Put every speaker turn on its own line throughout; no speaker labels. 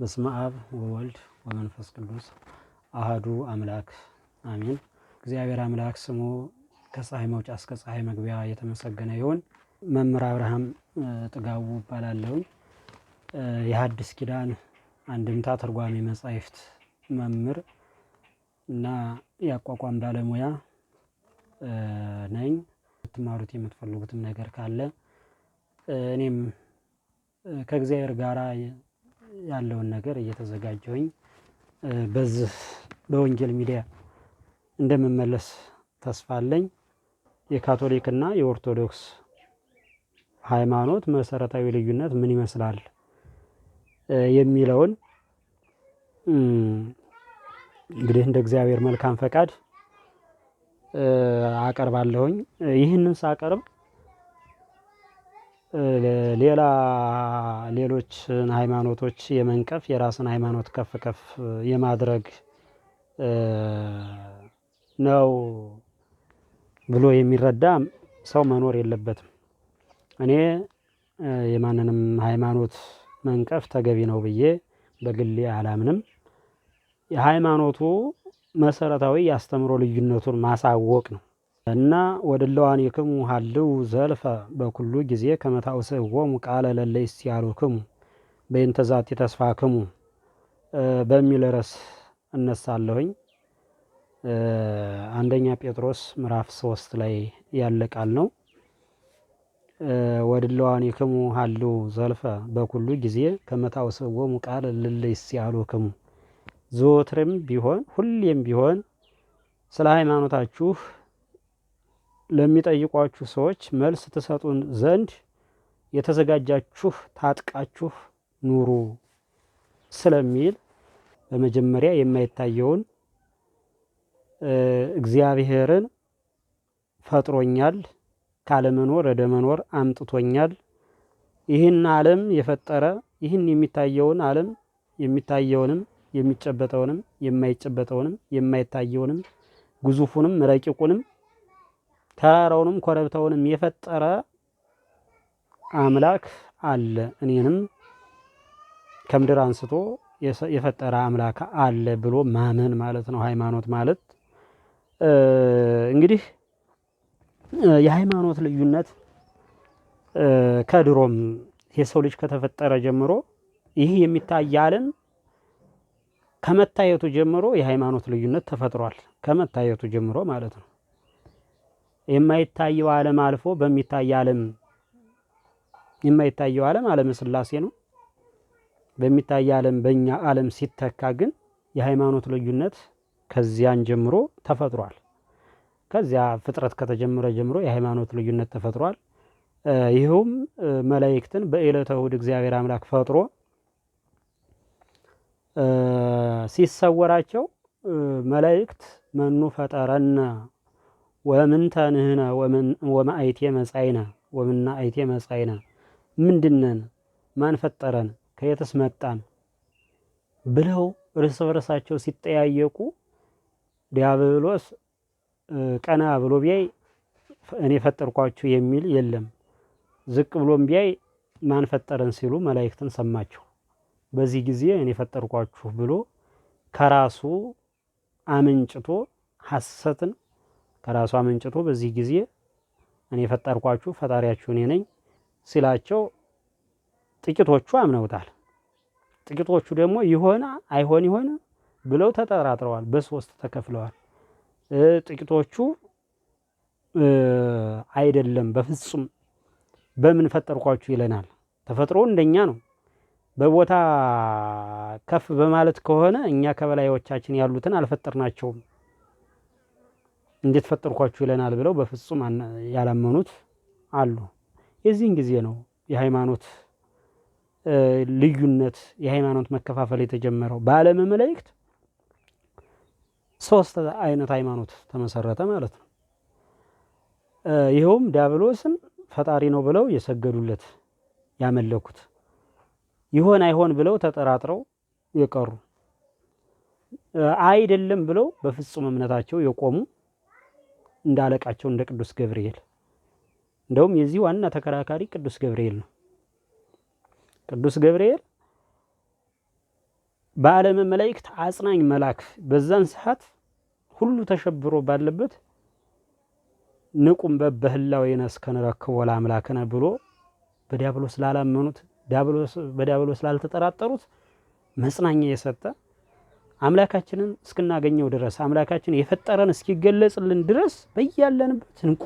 በስመ አብ ወወልድ ወመንፈስ ቅዱስ አህዱ አምላክ አሚን። እግዚአብሔር አምላክ ስሙ ከፀሐይ መውጫ እስከ ፀሐይ መግቢያ የተመሰገነ ይሁን። መምህር አብርሃም ጥጋቡ እባላለሁኝ። የሐዲስ ኪዳን አንድምታ ተርጓሚ መጻሕፍት መምህር እና የአቋቋም ባለሙያ ነኝ። ትማሩት የምትፈልጉትም ነገር ካለ እኔም ከእግዚአብሔር ጋራ ያለውን ነገር እየተዘጋጀሁኝ በዚህ በወንጌል ሚዲያ እንደምመለስ ተስፋ አለኝ። የካቶሊክና የኦርቶዶክስ ሃይማኖት መሰረታዊ ልዩነት ምን ይመስላል የሚለውን እንግዲህ እንደ እግዚአብሔር መልካም ፈቃድ አቀርባለሁኝ። ይህንን ሳቀርብ ሌላ ሌሎችን ሃይማኖቶች የመንቀፍ የራስን ሃይማኖት ከፍ ከፍ የማድረግ ነው ብሎ የሚረዳ ሰው መኖር የለበትም። እኔ የማንንም ሃይማኖት መንቀፍ ተገቢ ነው ብዬ በግሌ አላምንም። የሃይማኖቱ መሰረታዊ የአስተምሮ ልዩነቱን ማሳወቅ ነው። እና ወድለዋኔክሙ ሀልው ዘልፈ በኩሉ ጊዜ ከመታውስህዎሙ ቃለ ለለይስ ይስያሉክሙ በእንተ ዛቲ ተስፋክሙ በሚል ርዕስ እነሳለሁኝ። አንደኛ ጴጥሮስ ምዕራፍ ሶስት ላይ ያለ ቃል ነው። ወድለዋኔክሙ ሀልው ዘልፈ በኩሉ ጊዜ ከመታውስህዎሙ ቃለ ለለይስ ይስያሉክሙ ዘወትርም ቢሆን ሁሌም ቢሆን ስለ ሃይማኖታችሁ ለሚጠይቋችሁ ሰዎች መልስ ትሰጡን ዘንድ የተዘጋጃችሁ ታጥቃችሁ ኑሩ ስለሚል በመጀመሪያ የማይታየውን እግዚአብሔርን ፈጥሮኛል፣ ካለመኖር ወደ መኖር አምጥቶኛል። ይህን ዓለም የፈጠረ ይህን የሚታየውን ዓለም የሚታየውንም የሚጨበጠውንም የማይጨበጠውንም የማይታየውንም ግዙፉንም ረቂቁንም ተራራውንም ኮረብታውንም የፈጠረ አምላክ አለ፣ እኔንም ከምድር አንስቶ የፈጠረ አምላክ አለ ብሎ ማመን ማለት ነው። ሃይማኖት ማለት እንግዲህ የሃይማኖት ልዩነት ከድሮም የሰው ልጅ ከተፈጠረ ጀምሮ ይህ የሚታይ ዓለም ከመታየቱ ጀምሮ የሃይማኖት ልዩነት ተፈጥሯል። ከመታየቱ ጀምሮ ማለት ነው። የማይታየው ዓለም አልፎ በሚታይ ዓለም የማይታየው ዓለም ዓለም ስላሴ ነው። በሚታይ ዓለም በእኛ ዓለም ሲተካ ግን የሃይማኖት ልዩነት ከዚያን ጀምሮ ተፈጥሯል። ከዚያ ፍጥረት ከተጀመረ ጀምሮ የሃይማኖት ልዩነት ተፈጥሯል። ይኸውም መላእክትን በዕለተ እሑድ እግዚአብሔር አምላክ ፈጥሮ ሲሰወራቸው መላእክት መኑ ፈጠረና ወምንተ ንሕነ ወመአይቴ መጻይነ ወምና አይቴ መጻይነ ምንድነን ማን ፈጠረን ከየትስ መጣን ብለው እርስ በርሳቸው ሲጠያየቁ ዲያብሎስ ቀና ብሎ ቢያይ እኔ ፈጠርኳችሁ የሚል የለም። ዝቅ ብሎም ቢያይ ማን ፈጠረን ሲሉ መላእክትን ሰማችሁ። በዚህ ጊዜ እኔ ፈጠርኳችሁ ብሎ ከራሱ አመንጭቶ ሐሰትን ከራሷ አመንጭቶ በዚህ ጊዜ እኔ የፈጠርኳችሁ ፈጣሪያችሁ እኔ ነኝ ሲላቸው ጥቂቶቹ አምነውታል። ጥቂቶቹ ደግሞ ይሆን አይሆን ይሆን ብለው ተጠራጥረዋል። በሶስት ተከፍለዋል። ጥቂቶቹ አይደለም በፍጹም በምን ፈጠርኳችሁ ይለናል። ተፈጥሮ እንደኛ ነው። በቦታ ከፍ በማለት ከሆነ እኛ ከበላዮቻችን ያሉትን አልፈጠርናቸውም። እንዴት ፈጠርኳችሁ ይለናል ብለው በፍጹም ያላመኑት አሉ። የዚህን ጊዜ ነው የሃይማኖት ልዩነት የሃይማኖት መከፋፈል የተጀመረው። በዓለመ መላእክት ሶስት አይነት ሃይማኖት ተመሰረተ ማለት ነው። ይኸውም ዲያብሎስን ፈጣሪ ነው ብለው የሰገዱለት ያመለኩት፣ ይሆን አይሆን ብለው ተጠራጥረው የቀሩ አይደለም ብለው በፍጹም እምነታቸው የቆሙ እንደ አለቃቸው እንደ ቅዱስ ገብርኤል። እንደውም የዚህ ዋና ተከራካሪ ቅዱስ ገብርኤል ነው። ቅዱስ ገብርኤል በዓለመ መላእክት አጽናኝ መልአክ፣ በዛን ሰዓት ሁሉ ተሸብሮ ባለበት ንቁም በበህላዌነ እስከንረክቦ ለአምላክነ ብሎ በዲያብሎስ ላላመኑት፣ በዲያብሎስ ላልተጠራጠሩት መጽናኛ የሰጠ አምላካችንን እስክናገኘው ድረስ አምላካችን የፈጠረን እስኪገለጽልን ድረስ በያለንበት እንቁ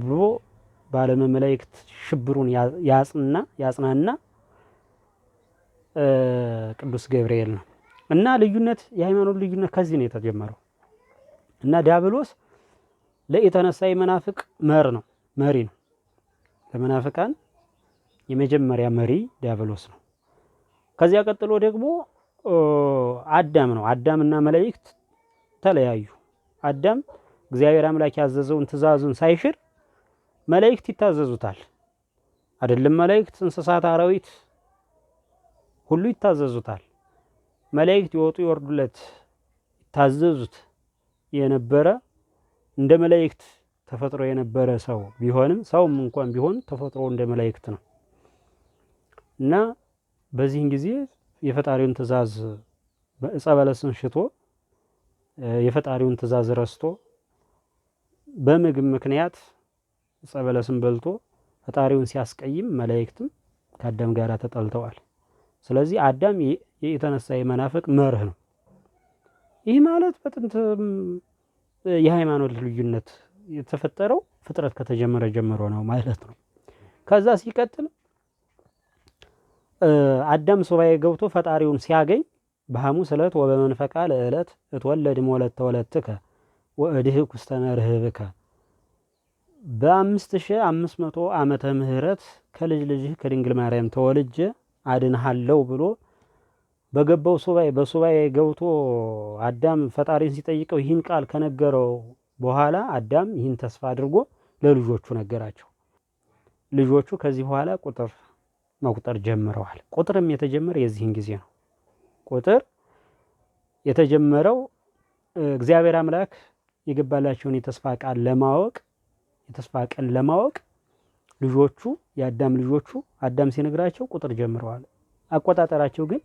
ብሎ በዓለመ መላእክት ሽብሩን ያጽና ያጽናና ቅዱስ ገብርኤል ነው እና ልዩነት የሃይማኖት ልዩነት ከዚህ ነው የተጀመረው እና ዲያብሎስ ለኢተነሳ የመናፍቅ መር ነው መሪ ነው ለመናፍቃን የመጀመሪያ መሪ ዲያብሎስ ነው። ከዚያ ቀጥሎ ደግሞ አዳም ነው። አዳምና መላእክት ተለያዩ። አዳም እግዚአብሔር አምላክ ያዘዘውን ትእዛዙን ሳይሽር መላእክት ይታዘዙታል። አይደለም መላእክት፣ እንስሳት፣ አራዊት ሁሉ ይታዘዙታል። መላእክት ይወጡ ይወርዱለት ይታዘዙት የነበረ እንደ መላእክት ተፈጥሮ የነበረ ሰው ቢሆንም ሰውም እንኳን ቢሆን ተፈጥሮ እንደ መላእክት ነው እና በዚህን ጊዜ የፈጣሪውን ትእዛዝ በዕፀ በለስን ሽቶ የፈጣሪውን ትእዛዝ ረስቶ በምግብ ምክንያት ዕፀ በለስን በልቶ ፈጣሪውን ሲያስቀይም መላእክትም ከአዳም ጋር ተጠልተዋል። ስለዚህ አዳም የተነሳ የመናፍቅ መርህ ነው። ይህ ማለት በጥንት የሃይማኖት ልዩነት የተፈጠረው ፍጥረት ከተጀመረ ጀምሮ ነው ማለት ነው። ከዛ ሲቀጥል አዳም ሱባኤ ገብቶ ፈጣሪውን ሲያገኝ በሐሙስ ዕለት ወበመንፈቃ ለዕለት እትወለድ እምወለተ ተወለትከ ወእድህ ኩስተነ ርህብከ በአምስት ሺህ አምስት መቶ ዓመተ ምህረት ከልጅ ልጅህ ከድንግል ማርያም ተወልጄ አድንሃለው ብሎ በገባው ሱባኤ በሱባኤ ገብቶ አዳም ፈጣሪን ሲጠይቀው ይህን ቃል ከነገረው በኋላ አዳም ይህን ተስፋ አድርጎ ለልጆቹ ነገራቸው። ልጆቹ ከዚህ በኋላ ቁጥር መቁጠር ጀምረዋል። ቁጥርም የተጀመረ የዚህን ጊዜ ነው። ቁጥር የተጀመረው እግዚአብሔር አምላክ የገባላቸውን የተስፋ ቃል ለማወቅ የተስፋ ቀን ለማወቅ ልጆቹ የአዳም ልጆቹ አዳም ሲነግራቸው ቁጥር ጀምረዋል። አቆጣጠራቸው ግን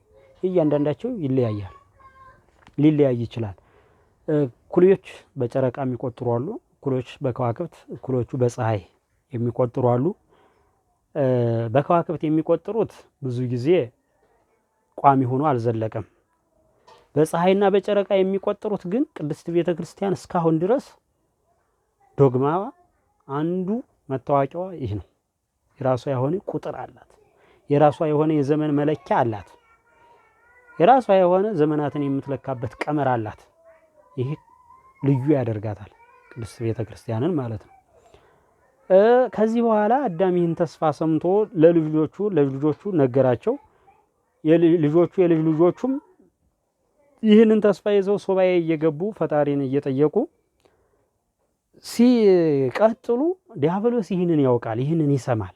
እያንዳንዳቸው ይለያያል፣ ሊለያይ ይችላል። እኩሎች በጨረቃ የሚቆጥሩ አሉ፣ እኩሎች በከዋክብት፣ እኩሎቹ በፀሐይ የሚቆጥሩ አሉ። በከዋክብት የሚቆጥሩት ብዙ ጊዜ ቋሚ ሆኖ አልዘለቀም። በፀሐይና በጨረቃ የሚቆጥሩት ግን ቅድስት ቤተ ክርስቲያን እስካሁን ድረስ ዶግማ አንዱ መታወቂያዋ ይህ ነው። የራሷ የሆነ ቁጥር አላት። የራሷ የሆነ የዘመን መለኪያ አላት። የራሷ የሆነ ዘመናትን የምትለካበት ቀመር አላት። ይህ ልዩ ያደርጋታል ቅድስት ቤተ ክርስቲያንን ማለት ነው። ከዚህ በኋላ አዳም ይህን ተስፋ ሰምቶ ለልጅ ልጆቹ ለልጅ ልጆቹ ነገራቸው። ልጆቹ የልጅ ልጆቹም ይህንን ተስፋ ይዘው ሱባኤ እየገቡ ፈጣሪን እየጠየቁ ሲቀጥሉ ዲያብሎስ ይህንን ያውቃል፣ ይህንን ይሰማል።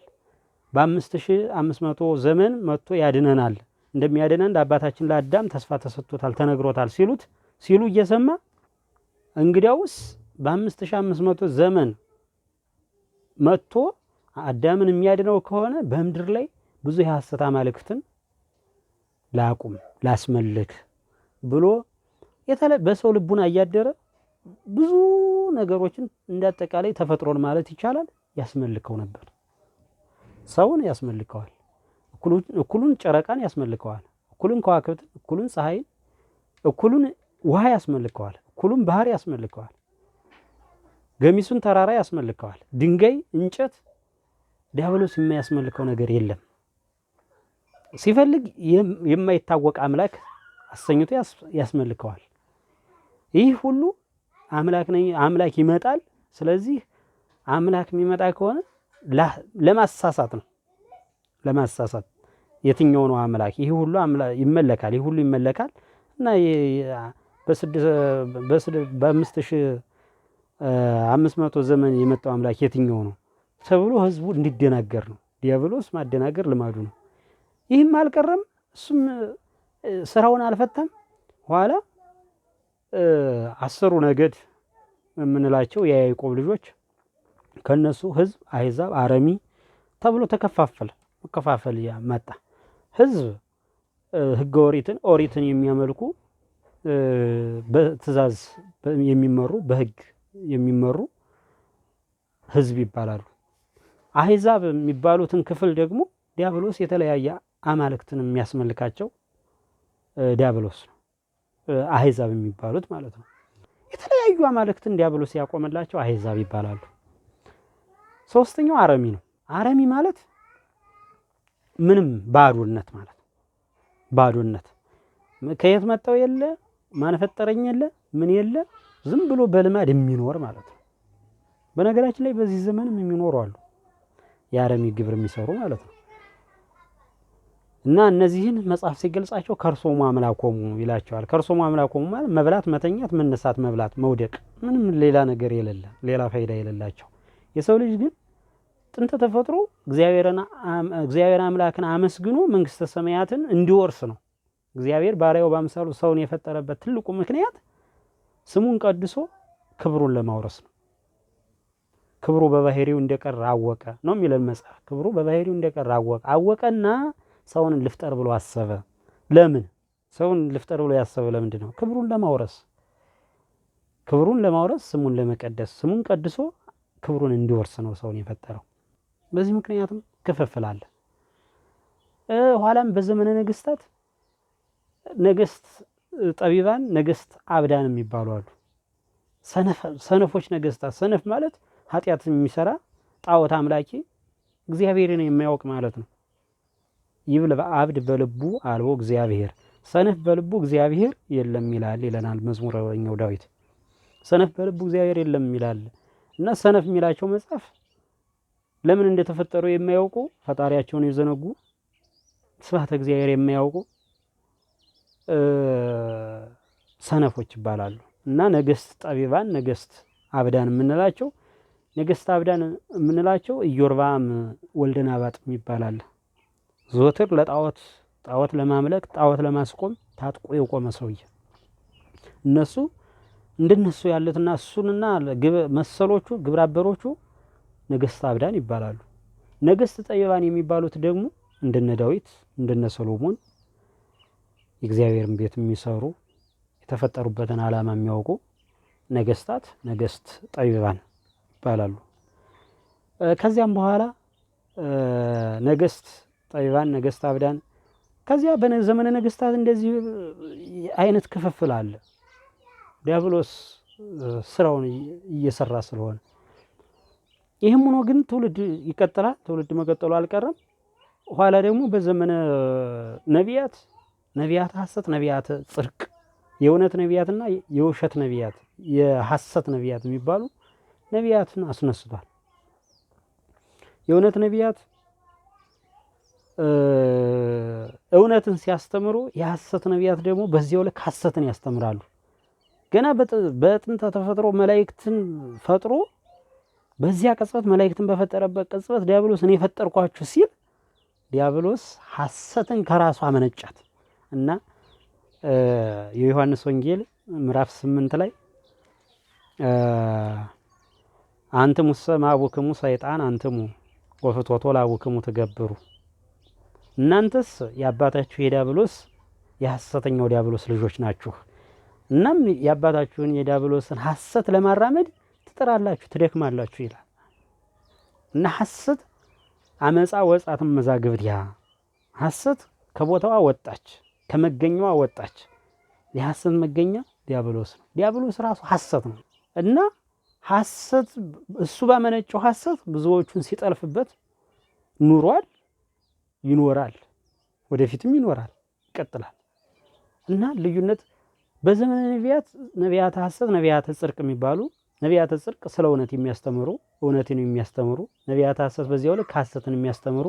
በአምስት ሺህ አምስት መቶ ዘመን መጥቶ ያድነናል እንደሚያድነን ለአባታችን ለአዳም ተስፋ ተሰጥቶታል ተነግሮታል ሲሉት ሲሉ እየሰማ እንግዲያውስ በአምስት ሺህ አምስት መቶ ዘመን መጥቶ አዳምን የሚያድነው ከሆነ በምድር ላይ ብዙ የሐሰት አማልክትን ላቁም ላስመልክ ብሎ በሰው ልቡና እያደረ ብዙ ነገሮችን እንዳጠቃላይ ተፈጥሮን ማለት ይቻላል ያስመልከው ነበር። ሰውን ያስመልከዋል፣ እኩሉን ጨረቃን ያስመልከዋል፣ እኩሉን ከዋክብትን፣ እኩሉን ፀሐይን፣ እኩሉን ውሃ ያስመልከዋል፣ እኩሉን ባህር ያስመልከዋል። ገሚሱን ተራራ ያስመልከዋል። ድንጋይ፣ እንጨት ዲያብሎስ የማያስመልከው ነገር የለም። ሲፈልግ የማይታወቅ አምላክ አሰኝቶ ያስመልከዋል። ይህ ሁሉ አምላክ ነኝ አምላክ ይመጣል። ስለዚህ አምላክ የሚመጣ ከሆነ ለማሳሳት ነው፣ ለማሳሳት የትኛው ነው አምላክ? ይህ ሁሉ ይመለካል፣ ይህ ሁሉ ይመለካል እና በአምስት ሺህ አምስት መቶ ዘመን የመጣው አምላክ የትኛው ነው ተብሎ ህዝቡ እንዲደናገር ነው። ዲያብሎስ ማደናገር ልማዱ ነው። ይህም አልቀረም፣ እሱም ስራውን አልፈታም። ኋላ አስሩ ነገድ የምንላቸው የያዕቆብ ልጆች ከነሱ ህዝብ አይዛብ አረሚ ተብሎ ተከፋፈለ። መከፋፈል መጣ። ህዝብ ህገ ኦሪትን ኦሪትን የሚያመልኩ በትእዛዝ የሚመሩ በህግ የሚመሩ ህዝብ ይባላሉ። አህዛብ የሚባሉትን ክፍል ደግሞ ዲያብሎስ የተለያየ አማልክትን የሚያስመልካቸው ዲያብሎስ ነው። አህዛብ የሚባሉት ማለት ነው። የተለያዩ አማልክትን ዲያብሎስ ያቆመላቸው አህዛብ ይባላሉ። ሶስተኛው አረሚ ነው። አረሚ ማለት ምንም ባዶነት ማለት ነው። ባዶነት ከየት መጣው የለ ማን ፈጠረኝ የለ ምን የለ ዝም ብሎ በልማድ የሚኖር ማለት ነው። በነገራችን ላይ በዚህ ዘመንም የሚኖሩ አሉ፣ የአረሚ ግብር የሚሰሩ ማለት ነው። እና እነዚህን መጽሐፍ ሲገልጻቸው ከርሶሙ አምላኮሙ ይላቸዋል። ከርሶሙ አምላኮሙ ማለት መብላት፣ መተኛት፣ መነሳት፣ መብላት፣ መውደቅ፣ ምንም ሌላ ነገር የሌለ ሌላ ፋይዳ የሌላቸው የሰው ልጅ ግን ጥንተ ተፈጥሮ እግዚአብሔር አምላክን አመስግኖ መንግስተ ሰማያትን እንዲወርስ ነው። እግዚአብሔር ባሪያው በአምሳሉ ሰውን የፈጠረበት ትልቁ ምክንያት ስሙን ቀድሶ ክብሩን ለማውረስ ነው። ክብሩ በባህሪው እንደቀረ አወቀ ነው የሚለን መጽሐፍ። ክብሩ በባህሪው እንደቀረ አወቀ። አወቀና ሰውን ልፍጠር ብሎ አሰበ። ለምን ሰውን ልፍጠር ብሎ ያሰበ ለምንድን ነው? ክብሩን ለማውረስ ክብሩን ለማውረስ ስሙን ለመቀደስ ስሙን ቀድሶ ክብሩን እንዲወርስ ነው ሰውን የፈጠረው። በዚህ ምክንያትም ክፍፍል አለ። ኋላም በዘመነ ነገስታት ነገስት ጠቢባን ነገስት አብዳን የሚባሉ አሉ። ሰነፎች ነገስታት። ሰነፍ ማለት ኃጢአትን የሚሰራ ጣዖት አምላኪ እግዚአብሔርን የማያውቅ ማለት ነው። ይብል በአብድ በልቡ አልቦ እግዚአብሔር ሰነፍ በልቡ እግዚአብሔር የለም ይላል ይለናል መዝሙረኛው ዳዊት። ሰነፍ በልቡ እግዚአብሔር የለም ይላል እና ሰነፍ የሚላቸው መጽሐፍ ለምን እንደተፈጠሩ የማያውቁ ፈጣሪያቸውን የዘነጉ ስብሐተ እግዚአብሔር የማያውቁ ሰነፎች ይባላሉ እና ነገስት ጠቢባን ነገስት አብዳን የምንላቸው ነገስት አብዳን የምንላቸው ኢዮርባም ወልደ ናባጥ ይባላል። ዞትር ለጣዖት ጣዖት ለማምለክ ጣዖት ለማስቆም ታጥቆ የቆመ ሰውዬ እነሱ እንደነሱ ያሉትና እሱንና መሰሎቹ ግብረ አበሮቹ ነገስት አብዳን ይባላሉ። ነገስት ጠቢባን የሚባሉት ደግሞ እንደነ ዳዊት እንደነ ሰሎሞን የእግዚአብሔርን ቤት የሚሰሩ የተፈጠሩበትን ዓላማ የሚያውቁ ነገስታት ነገስት ጠቢባን ይባላሉ። ከዚያም በኋላ ነገስት ጠቢባን፣ ነገስት አብዳን። ከዚያ በዘመነ ነገስታት እንደዚህ አይነት ክፍፍል አለ። ዲያብሎስ ስራውን እየሰራ ስለሆነ ይህም ሆኖ ግን ትውልድ ይቀጥላል። ትውልድ መቀጠሉ አልቀረም። ኋላ ደግሞ በዘመነ ነቢያት ነቢያት ሐሰት፣ ነቢያት ጽድቅ፣ የእውነት ነቢያትና የውሸት ነቢያት፣ የሐሰት ነቢያት የሚባሉ ነቢያትን አስነስቷል። የእውነት ነቢያት እውነትን ሲያስተምሩ፣ የሐሰት ነቢያት ደግሞ በዚያው ልክ ሐሰትን ያስተምራሉ። ገና በጥንተ ተፈጥሮ መላእክትን ፈጥሮ በዚያ ቅጽበት መላእክትን በፈጠረበት ቅጽበት ዲያብሎስ እኔ የፈጠርኳችሁ ሲል ዲያብሎስ ሐሰትን ከራሱ አመነጫት። እና የዮሐንስ ወንጌል ምዕራፍ ስምንት ላይ አንትሙ አቡክሙ ሰይጣን አንትሙ ወፍቶቶ ለአቡክሙ ትገብሩ፣ እናንተስ የአባታችሁ የዲያብሎስ የሐሰተኛው ዲያብሎስ ልጆች ናችሁ። እናም የአባታችሁን የዲያብሎስን ሐሰት ለማራመድ ትጥራላችሁ፣ ትደክማላችሁ ይላል እና ሐሰት አመፃ ወጻትም መዛግብት ያ ሐሰት ከቦታዋ ወጣች። ከመገኛዋ ወጣች። የሐሰት መገኛ ዲያብሎስ ነው። ዲያብሎስ ራሱ ሐሰት ነው እና ሐሰት እሱ ባመነጨው ሐሰት ብዙዎቹን ሲጠልፍበት ኑሯል፣ ይኖራል፣ ወደፊትም ይኖራል፣ ይቀጥላል እና ልዩነት በዘመነ ነቢያት ነቢያተ ሐሰት ነቢያተ ጽድቅ የሚባሉ ነቢያተ ጽድቅ ስለ እውነት የሚያስተምሩ እውነትን የሚያስተምሩ ነቢያተ ሐሰት በዚያው ልክ ሐሰትን የሚያስተምሩ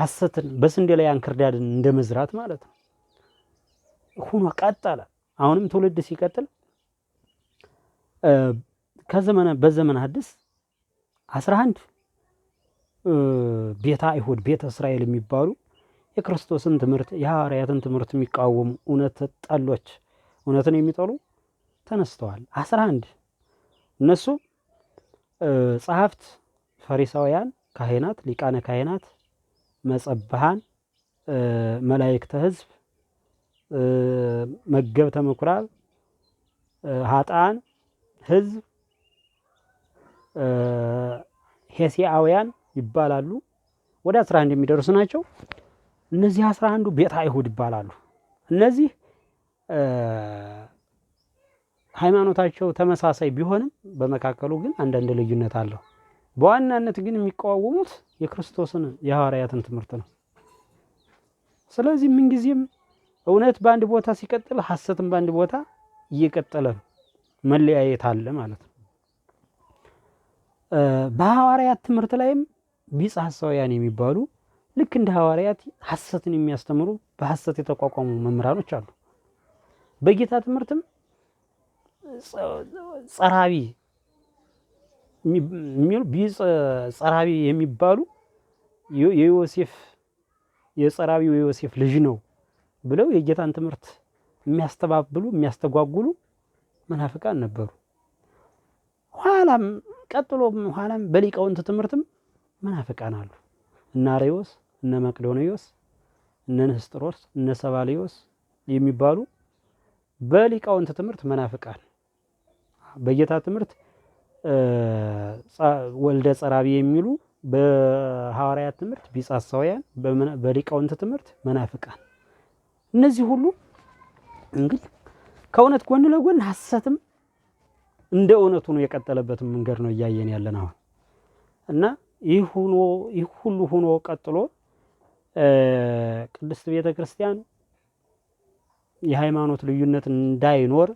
ሐሰትን በስንዴ ላይ አንክርዳድን እንደ መዝራት ማለት ነው። ሁኖ ቀጠለ። አሁንም ትውልድ ሲቀጥል ከዘመነ በዘመን ሐዲስ አስራ አንድ ቤተ አይሁድ ቤተ እስራኤል የሚባሉ የክርስቶስን ትምህርት የሐዋርያትን ትምህርት የሚቃወሙ እውነት ጠሎች እውነትን የሚጠሉ ተነስተዋል። አስራ አንድ እነሱ ጸሐፍት፣ ፈሪሳውያን፣ ካህናት፣ ሊቃነ ካህናት መጸብሃን መላይክተ ህዝብ መገብተ ምኩራብ ሀጣን ህዝብ ሄሲአውያን ይባላሉ። ወደ አስራ አንድ የሚደርሱ ናቸው። እነዚህ አስራ አንዱ ቤተ አይሁድ ይባላሉ። እነዚህ ሃይማኖታቸው ተመሳሳይ ቢሆንም በመካከሉ ግን አንዳንድ ልዩነት አለው። በዋናነት ግን የሚቃወሙት የክርስቶስን የሐዋርያትን ትምህርት ነው። ስለዚህ ምንጊዜም እውነት በአንድ ቦታ ሲቀጥል፣ ሐሰትም በአንድ ቦታ እየቀጠለ ነው። መለያየት አለ ማለት ነው። በሐዋርያት ትምህርት ላይም ቢጽ ሐሳውያን የሚባሉ ልክ እንደ ሐዋርያት ሐሰትን የሚያስተምሩ በሐሰት የተቋቋሙ መምህራኖች አሉ። በጌታ ትምህርትም ጸራቢ የሚሉ ቢጽ ጸራቢ የሚባሉ የዮሴፍ የጸራቢው የዮሴፍ ልጅ ነው ብለው የጌታን ትምህርት የሚያስተባብሉ የሚያስተጓጉሉ መናፍቃን ነበሩ። ኋላም ቀጥሎ ኋላም በሊቃውንት ትምህርትም መናፍቃን አሉ። እነ አሬዎስ፣ እነ መቅዶኔዎስ፣ እነ ንስጥሮስ፣ እነ ሰባሌዎስ የሚባሉ በሊቃውንት ትምህርት መናፍቃን በጌታ ትምህርት ወልደ ጸራቢ የሚሉ በሐዋርያት ትምህርት ቢጻሳውያን በሊቃውንት ትምህርት መናፍቃን። እነዚህ ሁሉ እንግዲህ ከእውነት ጎን ለጎን ሐሰትም እንደ እውነት ሆኖ የቀጠለበትን መንገድ ነው እያየን ያለን አሁን እና ይህ ሁኖ ይህ ሁሉ ሁኖ ቀጥሎ ቅድስት ቤተ ክርስቲያን የሃይማኖት ልዩነት እንዳይኖር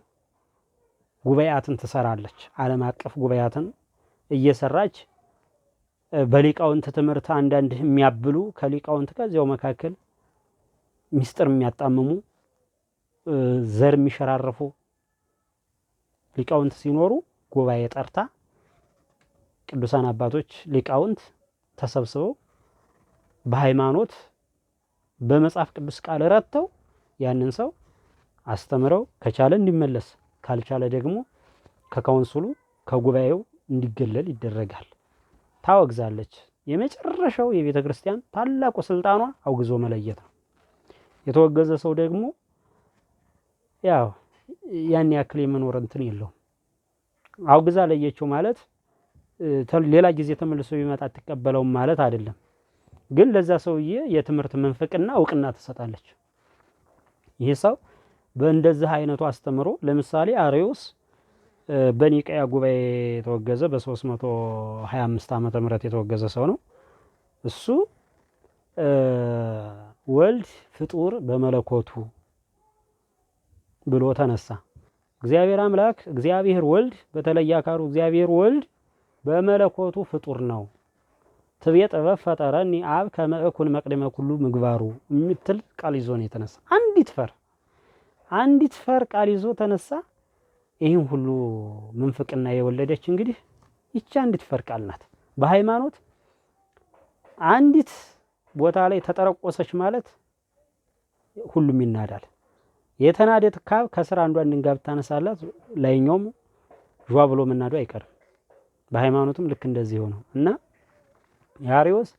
ጉባኤያትን ትሰራለች። ዓለም አቀፍ ጉባኤያትን እየሰራች በሊቃውንት ትምህርት አንዳንድ የሚያብሉ ከሊቃውንት ከዚያው መካከል ሚስጥር የሚያጣምሙ ዘር የሚሸራረፉ ሊቃውንት ሲኖሩ ጉባኤ ጠርታ ቅዱሳን አባቶች ሊቃውንት ተሰብስበው በሃይማኖት በመጽሐፍ ቅዱስ ቃል ረድተው ያንን ሰው አስተምረው ከቻለ እንዲመለስ ካልቻለ ደግሞ ከካውንስሉ ከጉባኤው እንዲገለል ይደረጋል። ታወግዛለች። የመጨረሻው የቤተ ክርስቲያን ታላቁ ስልጣኗ አውግዞ መለየት ነው። የተወገዘ ሰው ደግሞ ያው ያን ያክል የመኖር እንትን የለውም። አውግዛ ለየችው ማለት ሌላ ጊዜ ተመልሶ ቢመጣ አትቀበለውም ማለት አይደለም። ግን ለዛ ሰውዬ የትምህርት መንፈቅና እውቅና ትሰጣለች። ይሄ ሰው በእንደዚህ አይነቱ አስተምሮ ለምሳሌ አሬዎስ በኒቀያ ጉባኤ የተወገዘ በ325 ዓመተ ምህረት የተወገዘ ሰው ነው። እሱ ወልድ ፍጡር በመለኮቱ ብሎ ተነሳ። እግዚአብሔር አምላክ እግዚአብሔር ወልድ በተለየ አካሉ እግዚአብሔር ወልድ በመለኮቱ ፍጡር ነው። ትቤ ጥበብ ፈጠረኒ አብ ከመእኩን መቅደመ ኩሉ ምግባሩ የምትል ቃል ይዞ ነው የተነሳ አንዲት ፈር አንዲት ፈር ቃል ይዞ ተነሳ። ይህን ሁሉ ምንፍቅና የወለደች እንግዲህ ይቺ አንዲት ፈር ቃል ናት። በሃይማኖት አንዲት ቦታ ላይ ተጠረቆሰች ማለት ሁሉም ይናዳል። የተናደት ካብ ከስር አንዷን እንድንጋ ብታነሳላት ላይኛውም ዧ ብሎ መናዱ አይቀርም። በሃይማኖትም ልክ እንደዚህ ሆነው እና የአሪዎስ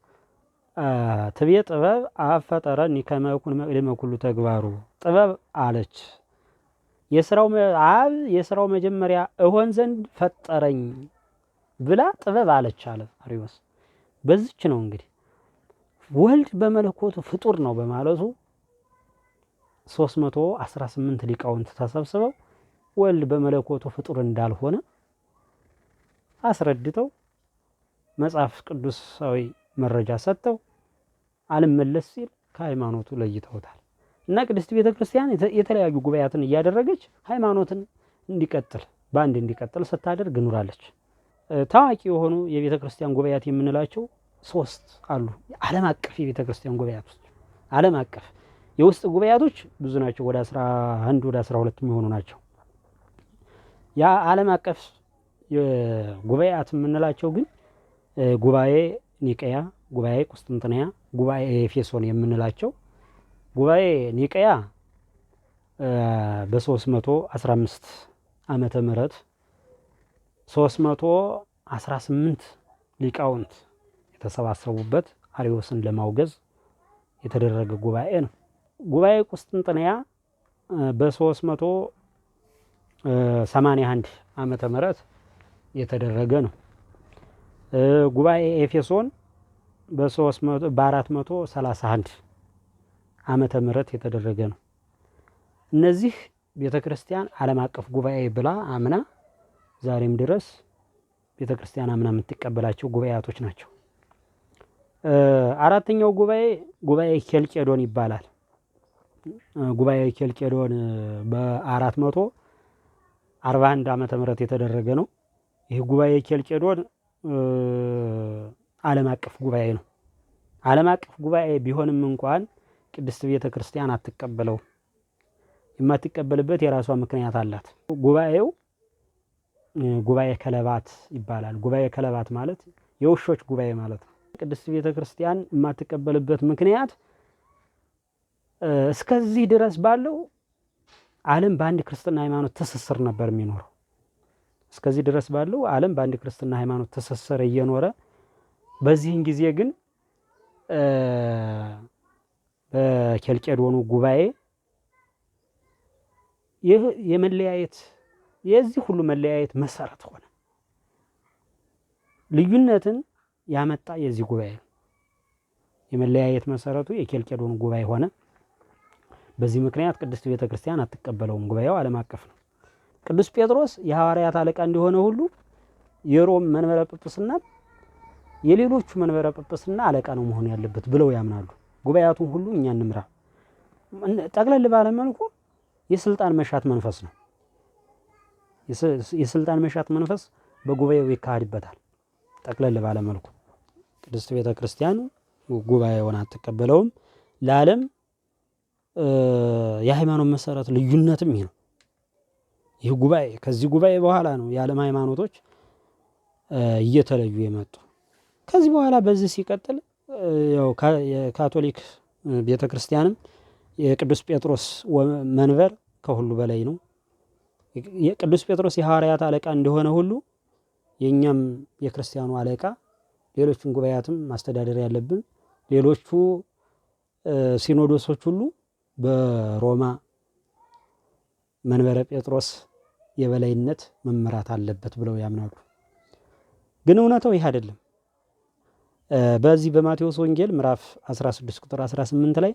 ትቤ ጥበብ አፈጠረኒ ከመ ኩሉ ተግባሩ ጥበብ አለች። የስራው አብ የስራው መጀመሪያ እሆን ዘንድ ፈጠረኝ ብላ ጥበብ አለች አለ አሪዎስ። በዚች ነው እንግዲህ ወልድ በመለኮቱ ፍጡር ነው በማለቱ 318 ሊቃውንት ተሰብስበው ወልድ በመለኮቱ ፍጡር እንዳልሆነ አስረድተው መጽሐፍ ቅዱሳዊ መረጃ ሰጥተው አልመለስ ሲል ከሃይማኖቱ ለይተውታል። እና ቅድስት ቤተ ክርስቲያን የተለያዩ ጉባኤያትን እያደረገች ሃይማኖትን እንዲቀጥል በአንድ እንዲቀጥል ስታደርግ ኑራለች። ታዋቂ የሆኑ የቤተ ክርስቲያን ጉባኤያት የምንላቸው ሶስት አሉ። ዓለም አቀፍ የቤተ ክርስቲያን ጉባኤያቶች ዓለም አቀፍ የውስጥ ጉባኤያቶች ብዙ ናቸው። ወደ አስራ አንድ ወደ አስራ ሁለት የሚሆኑ ናቸው። የዓለም አቀፍ ጉባኤያት የምንላቸው ግን ጉባኤ ኒቀያ፣ ጉባኤ ቁስጥንጥንያ፣ ጉባኤ ኤፌሶን የምንላቸው ጉባኤ ኒቀያ በ315 ዓመተ ምህረት 318 ሊቃውንት የተሰባሰቡበት አሪዎስን ለማውገዝ የተደረገ ጉባኤ ነው። ጉባኤ ቁስጥንጥንያ በ381 ዓመተ ምህረት የተደረገ ነው። ጉባኤ ኤፌሶን በ431 ዓመተ ምህረት የተደረገ ነው። እነዚህ ቤተ ክርስቲያን ዓለም አቀፍ ጉባኤ ብላ አምና ዛሬም ድረስ ቤተ ክርስቲያን አምና የምትቀበላቸው ጉባኤያቶች ናቸው። አራተኛው ጉባኤ ጉባኤ ኬልቄዶን ይባላል። ጉባኤ ኬልቄዶን በአራት መቶ አርባ አንድ ዓመተ ምህረት የተደረገ ነው። ይህ ጉባኤ ኬልቄዶን ዓለም አቀፍ ጉባኤ ነው። ዓለም አቀፍ ጉባኤ ቢሆንም እንኳን ቅድስት ቤተ ክርስቲያን አትቀበለው። የማትቀበልበት የራሷ ምክንያት አላት። ጉባኤው ጉባኤ ከለባት ይባላል። ጉባኤ ከለባት ማለት የውሾች ጉባኤ ማለት ነው። ቅድስት ቤተ ክርስቲያን የማትቀበልበት ምክንያት እስከዚህ ድረስ ባለው ዓለም በአንድ ክርስትና ሃይማኖት ትስስር ነበር የሚኖረው። እስከዚህ ድረስ ባለው ዓለም በአንድ ክርስትና ሃይማኖት ተሰሰረ እየኖረ በዚህን ጊዜ ግን በኬልቄዶኑ ጉባኤ የመለያየት የዚህ ሁሉ መለያየት መሰረት ሆነ። ልዩነትን ያመጣ የዚህ ጉባኤ የመለያየት መሰረቱ የኬልቄዶኑ ጉባኤ ሆነ። በዚህ ምክንያት ቅድስት ቤተ ክርስቲያን አትቀበለውም። ጉባኤው ዓለም አቀፍ ነው። ቅዱስ ጴጥሮስ የሐዋርያት አለቃ እንደሆነ ሁሉ የሮም መንበረ ጵጵስና የሌሎቹ መንበረ ጵጵስና አለቃ ነው መሆን ያለበት ብለው ያምናሉ። ጉባኤያቱን ሁሉ እኛ እንምራ። ጠቅለል ባለ መልኩ የስልጣን መሻት መንፈስ ነው። የስልጣን መሻት መንፈስ በጉባኤው ይካሄድበታል። ጠቅለል ባለ መልኩ ቅድስት ቤተ ክርስቲያን ጉባኤውን አትቀበለውም። ለዓለም የሃይማኖት መሰረት ልዩነትም ይህ ነው። ይህ ጉባኤ ከዚህ ጉባኤ በኋላ ነው የዓለም ሃይማኖቶች እየተለዩ የመጡ። ከዚህ በኋላ በዚህ ሲቀጥል ያው የካቶሊክ ቤተ ክርስቲያንም የቅዱስ ጴጥሮስ መንበር ከሁሉ በላይ ነው። የቅዱስ ጴጥሮስ የሐዋርያት አለቃ እንደሆነ ሁሉ የእኛም የክርስቲያኑ አለቃ፣ ሌሎችን ጉባኤያትም ማስተዳደር ያለብን ሌሎቹ ሲኖዶሶች ሁሉ በሮማ መንበረ ጴጥሮስ የበላይነት መመራት አለበት ብለው ያምናሉ። ግን እውነታው ይህ አይደለም። በዚህ በማቴዎስ ወንጌል ምዕራፍ 16 ቁጥር 18 ላይ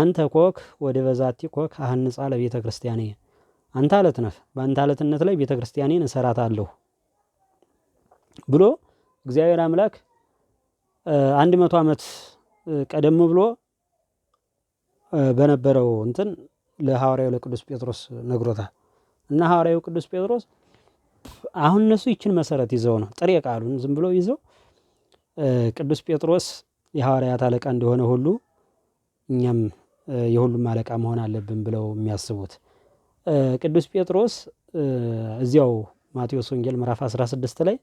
አንተ ኮክ ወደ በዛቲ ኮክ አህንጻ ለቤተ ክርስቲያኔ፣ አንተ አለት ነህ፣ በአንተ አለትነት ላይ ቤተ ክርስቲያኔን እሰራታለሁ ብሎ እግዚአብሔር አምላክ አንድ መቶ ዓመት ቀደም ብሎ በነበረው እንትን ለሐዋርያው ለቅዱስ ጴጥሮስ ነግሮታል። እና ሐዋርያው ቅዱስ ጴጥሮስ አሁን እነሱ ይችን መሰረት ይዘው ነው ጥሬ ቃሉን ዝም ብሎ ይዘው ቅዱስ ጴጥሮስ የሐዋርያት አለቃ እንደሆነ ሁሉ እኛም የሁሉም አለቃ መሆን አለብን ብለው የሚያስቡት ቅዱስ ጴጥሮስ እዚያው ማቴዎስ ወንጌል ምዕራፍ 16 ላይ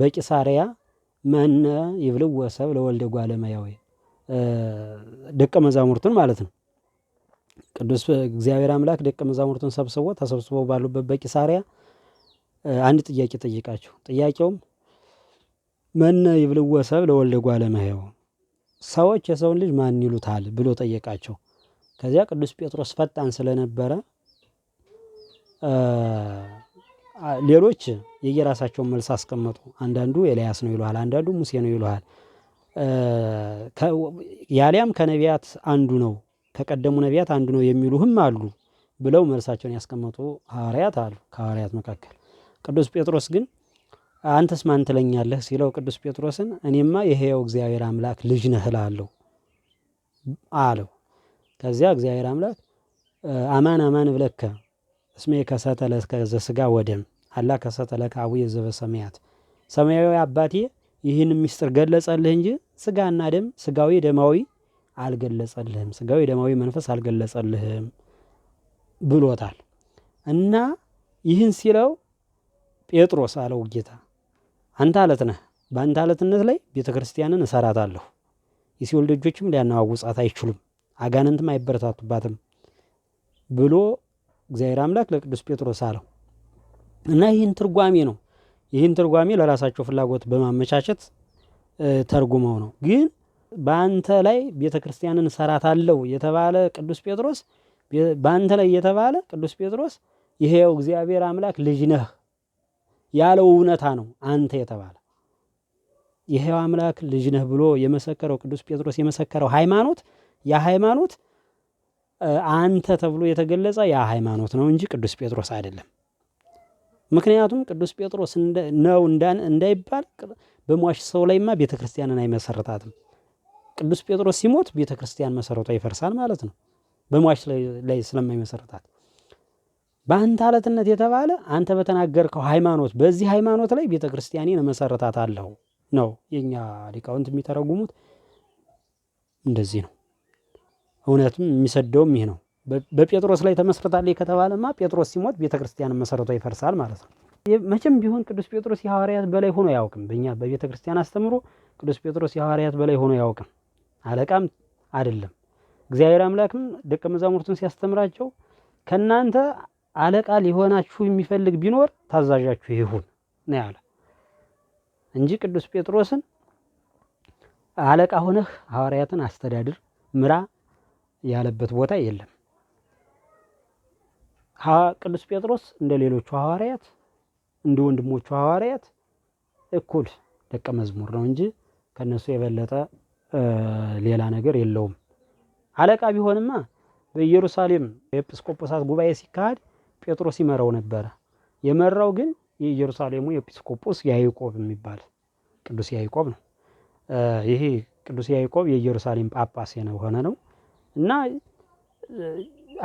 በቂሳሪያ መነ ይብልወ ሰብእ ለወልደ እጓለ እመሕያው ደቀ መዛሙርቱን ማለት ነው ቅዱስ እግዚአብሔር አምላክ ደቀ መዛሙርቱን ሰብስቦ ተሰብስቦ ባሉበት በቂሳሪያ አንድ ጥያቄ ጠይቃቸው። ጥያቄውም መነ ይብልዎ ሰብ ለወልደ እጓለ እመሕያው ሰዎች የሰውን ልጅ ማን ይሉታል ብሎ ጠየቃቸው። ከዚያ ቅዱስ ጴጥሮስ ፈጣን ስለነበረ ሌሎች የየራሳቸውን መልስ አስቀመጡ። አንዳንዱ ኤልያስ ነው ይሉሃል፣ አንዳንዱ ሙሴ ነው ይሉሃል፣ ያሊያም ከነቢያት አንዱ ነው ከቀደሙ ነቢያት አንዱ ነው የሚሉህም አሉ ብለው መልሳቸውን ያስቀመጡ ሐዋርያት አሉ ከሐዋርያት መካከል። ቅዱስ ጴጥሮስ ግን አንተስ ማን ትለኛለህ ሲለው ቅዱስ ጴጥሮስን እኔማ የሕያው እግዚአብሔር አምላክ ልጅ ነህ እላለሁ አለው። ከዚያ እግዚአብሔር አምላክ አማን አማን ብለከ እስሜ ከሰተ ለከ ወደም አላ ከሰተ ለከ አቡየ ዘበሰማያት ሰማያዊ አባቴ ይህን ምስጢር ገለጸልህ እንጂ ስጋና ደም ስጋዊ ደማዊ አልገለጸልህም፣ ስጋዊ ደማዊ መንፈስ አልገለጸልህም ብሎታል። እና ይህን ሲለው ጴጥሮስ አለው ጌታ አንተ አለት ነህ፣ በአንተ አለትነት ላይ ቤተ ክርስቲያንን እሰራታለሁ፣ የሲኦል ደጆችም ሊያናዋውጻት አይችሉም፣ አጋንንትም አይበረታቱባትም ብሎ እግዚአብሔር አምላክ ለቅዱስ ጴጥሮስ አለው። እና ይህን ትርጓሜ ነው ይህን ትርጓሜ ለራሳቸው ፍላጎት በማመቻቸት ተርጉመው ነው ግን በአንተ ላይ ቤተ ክርስቲያንን እሰራታለሁ የተባለ ቅዱስ ጴጥሮስ በአንተ ላይ የተባለ ቅዱስ ጴጥሮስ ይሄው እግዚአብሔር አምላክ ልጅ ነህ ያለው እውነታ ነው። አንተ የተባለ ይሄው አምላክ ልጅ ነህ ብሎ የመሰከረው ቅዱስ ጴጥሮስ የመሰከረው ሃይማኖት ያ ሃይማኖት አንተ ተብሎ የተገለጸ ያ ሃይማኖት ነው እንጂ ቅዱስ ጴጥሮስ አይደለም። ምክንያቱም ቅዱስ ጴጥሮስ ነው እንዳይባል በሟሽ ሰው ላይማ ቤተ ክርስቲያንን አይመሰርታትም። ቅዱስ ጴጥሮስ ሲሞት ቤተ ክርስቲያን መሰረቷ ይፈርሳል ማለት ነው። በሟች ላይ ስለማይመሰረታት በአንተ አለትነት የተባለ አንተ በተናገርከው ሃይማኖት፣ በዚህ ሃይማኖት ላይ ቤተ ክርስቲያኔን መሰረታት አለው ነው የእኛ ሊቃውንት የሚተረጉሙት እንደዚህ ነው። እውነትም የሚሰደውም ይህ ነው። በጴጥሮስ ላይ ተመስርታለች ከተባለማ ጴጥሮስ ሲሞት ቤተ ክርስቲያን መሰረቷ ይፈርሳል ማለት ነው። መቼም ቢሆን ቅዱስ ጴጥሮስ የሐዋርያት በላይ ሆኖ አያውቅም። በእኛ በቤተ ክርስቲያን አስተምሮ ቅዱስ ጴጥሮስ የሐዋርያት በላይ ሆኖ አያውቅም። አለቃም አይደለም። እግዚአብሔር አምላክም ደቀ መዛሙርቱን ሲያስተምራቸው ከእናንተ አለቃ ሊሆናችሁ የሚፈልግ ቢኖር ታዛዣችሁ ይሁን ነው ያለ እንጂ ቅዱስ ጴጥሮስን አለቃ ሆነህ ሐዋርያትን አስተዳድር ምራ ያለበት ቦታ የለም። ቅዱስ ጴጥሮስ እንደ ሌሎቹ ሐዋርያት እንደ ወንድሞቹ ሐዋርያት እኩል ደቀ መዝሙር ነው እንጂ ከእነሱ የበለጠ ሌላ ነገር የለውም። አለቃ ቢሆንማ በኢየሩሳሌም የኤጲስቆጶሳት ጉባኤ ሲካሄድ ጴጥሮስ ይመራው ነበረ። የመራው ግን የኢየሩሳሌሙ ኤጲስቆጶስ ያዕቆብ የሚባል ቅዱስ ያዕቆብ ነው። ይሄ ቅዱስ ያዕቆብ የኢየሩሳሌም ጳጳስ የሆነ ነው እና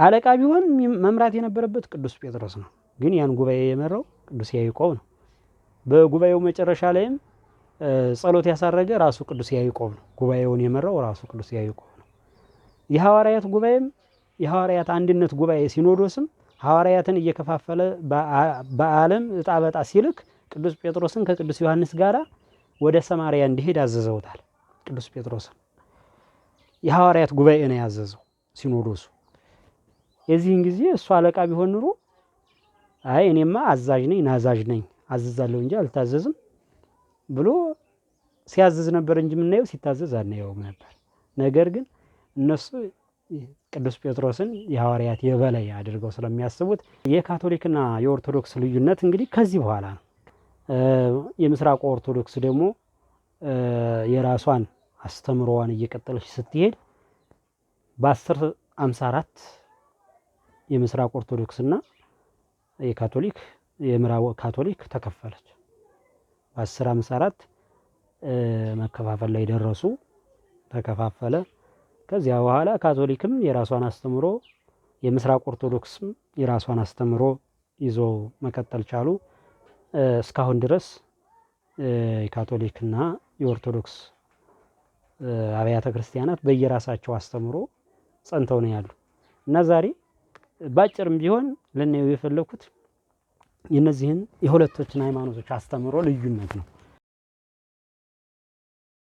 አለቃ ቢሆን መምራት የነበረበት ቅዱስ ጴጥሮስ ነው። ግን ያን ጉባኤ የመራው ቅዱስ ያዕቆብ ነው። በጉባኤው መጨረሻ ላይም ጸሎት ያሳረገ ራሱ ቅዱስ ያዕቆብ ነው። ጉባኤውን የመራው ራሱ ቅዱስ ያዕቆብ ነው። የሐዋርያት ጉባኤም የሐዋርያት አንድነት ጉባኤ ሲኖዶስም ሐዋርያትን እየከፋፈለ በዓለም እጣ በጣ ሲልክ ቅዱስ ጴጥሮስን ከቅዱስ ዮሐንስ ጋር ወደ ሰማርያ እንዲሄድ አዘዘውታል። ቅዱስ ጴጥሮስን የሐዋርያት ጉባኤ ነው ያዘዘው ሲኖዶሱ። የዚህን ጊዜ እሱ አለቃ ቢሆን ኑሮ አይ እኔማ አዛዥ ነኝ ናዛዥ ነኝ አዝዛለሁ እንጂ አልታዘዝም ብሎ ሲያዝዝ ነበር እንጂ የምናየው ሲታዘዝ አናየውም ነበር። ነገር ግን እነሱ ቅዱስ ጴጥሮስን የሐዋርያት የበላይ አድርገው ስለሚያስቡት የካቶሊክና የኦርቶዶክስ ልዩነት እንግዲህ ከዚህ በኋላ ነው። የምስራቅ ኦርቶዶክስ ደግሞ የራሷን አስተምሮዋን እየቀጠለች ስትሄድ በ1054 የምስራቅ ኦርቶዶክስና የካቶሊክ የምዕራብ ካቶሊክ ተከፈለች። በአስር ሃምሳ አራት መከፋፈል ላይ ደረሱ። ተከፋፈለ። ከዚያ በኋላ ካቶሊክም የራሷን አስተምሮ የምስራቅ ኦርቶዶክስም የራሷን አስተምሮ ይዞ መቀጠል ቻሉ። እስካሁን ድረስ የካቶሊክና የኦርቶዶክስ አብያተ ክርስቲያናት በየራሳቸው አስተምሮ ጸንተው ነው ያሉ እና ዛሬ ባጭርም ቢሆን ልናየው የፈለኩት የነዚህን የሁለቶችን ሃይማኖቶች አስተምሮ ልዩነት ነው።